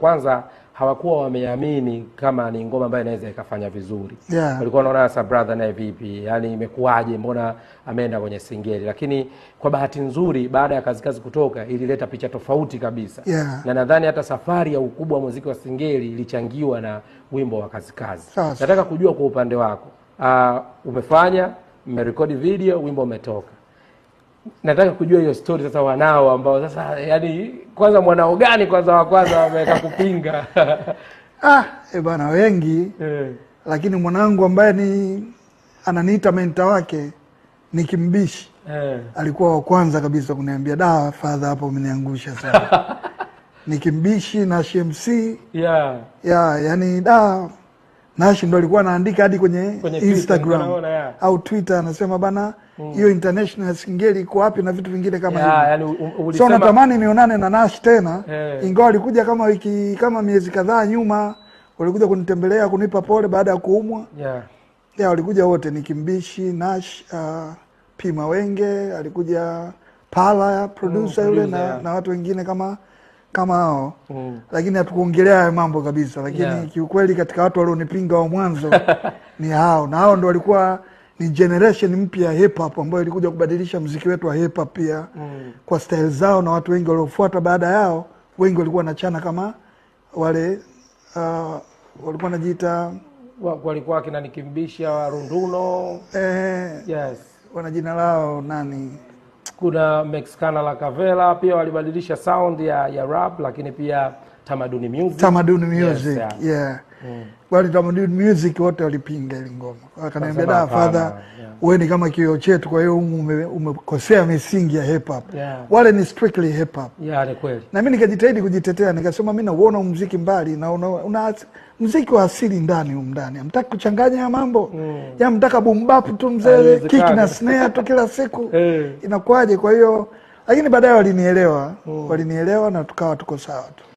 kwanza hawakuwa wameamini kama ni ngoma ambayo inaweza ikafanya vizuri yeah. Walikuwa wanaona sasa brother naye vipi, yani imekuwaje, mbona ameenda kwenye singeli? Lakini kwa bahati nzuri, baada ya kazi kazi kutoka, ilileta picha tofauti kabisa yeah. Na nadhani hata safari ya ukubwa wa muziki wa singeli ilichangiwa na wimbo wa kazi kazi. Nataka kujua kwa upande wako, uh, umefanya mmerekodi video, wimbo umetoka nataka kujua hiyo story sasa, wanao ambao sasa, yani kwanza mwanao gani kwanza wa kwanza wameweka kupinga? Ah, e bana wengi eh. Lakini mwanangu ambaye ni ananiita menta wake ni Kimbishi eh. Alikuwa wa kwanza kabisa kuniambia da, fadha hapo umeniangusha sana ni Kimbishi na Shemsi yeah. Yeah, yani da Nash ndo alikuwa anaandika hadi kwenye, kwenye Instagram Twitter, au Twitter anasema bana mm. hiyo mm. international singeli iko wapi na vitu vingine kama hivyo yeah, yani, um, so natamani nionane na Nash tena yeah. Ingawa alikuja kama wiki kama miezi kadhaa nyuma walikuja kunitembelea kunipa pole baada ya kuumwa yeah. Yeah, walikuja wote ni Kimbishi, Nash, uh, Pima Wenge alikuja Pala mm, producer mm, na, yeah. na watu wengine kama kama hao mm. Lakini hatukuongelea hayo mambo kabisa, lakini yeah. Kiukweli katika watu walionipinga wa mwanzo ni hao, na hao ndo walikuwa ni generation mpya ya hip hop ambayo ilikuja kubadilisha mziki wetu wa hip hop pia mm. kwa style zao, na watu wengi waliofuata baada yao wengi walikuwa wanachana kama wale uh, walikuwa wanajiita walikuwa wakina nikimbisha eh, yes. wana jina lao nani kuna Mexicana la Cavela pia walibadilisha sound ya, ya rap, lakini pia Tamaduni Music, Tamaduni Music, yes, yeah. yeah. Mm. Wale Tamaduni Music wote walipinga ile ngoma, wakaniambia da fadha, wewe ni kama kioo chetu, kwa hiyo umekosea ume misingi ya hip hop yeah. Wale ni strictly hip hop yeah, ni kweli. Na mimi nikajitahidi kujitetea, nikasema mimi nauona muziki mbali na una, una muziki wa asili ndani huko ndani, hamtaki kuchanganya ya mambo mm. ya mtaka boom bap tu mzee, kick na snare tu kila siku hey. Eh. Inakuwaje? Kwa hiyo lakini baadaye walinielewa mm. walinielewa na tukawa tuko sawa tu.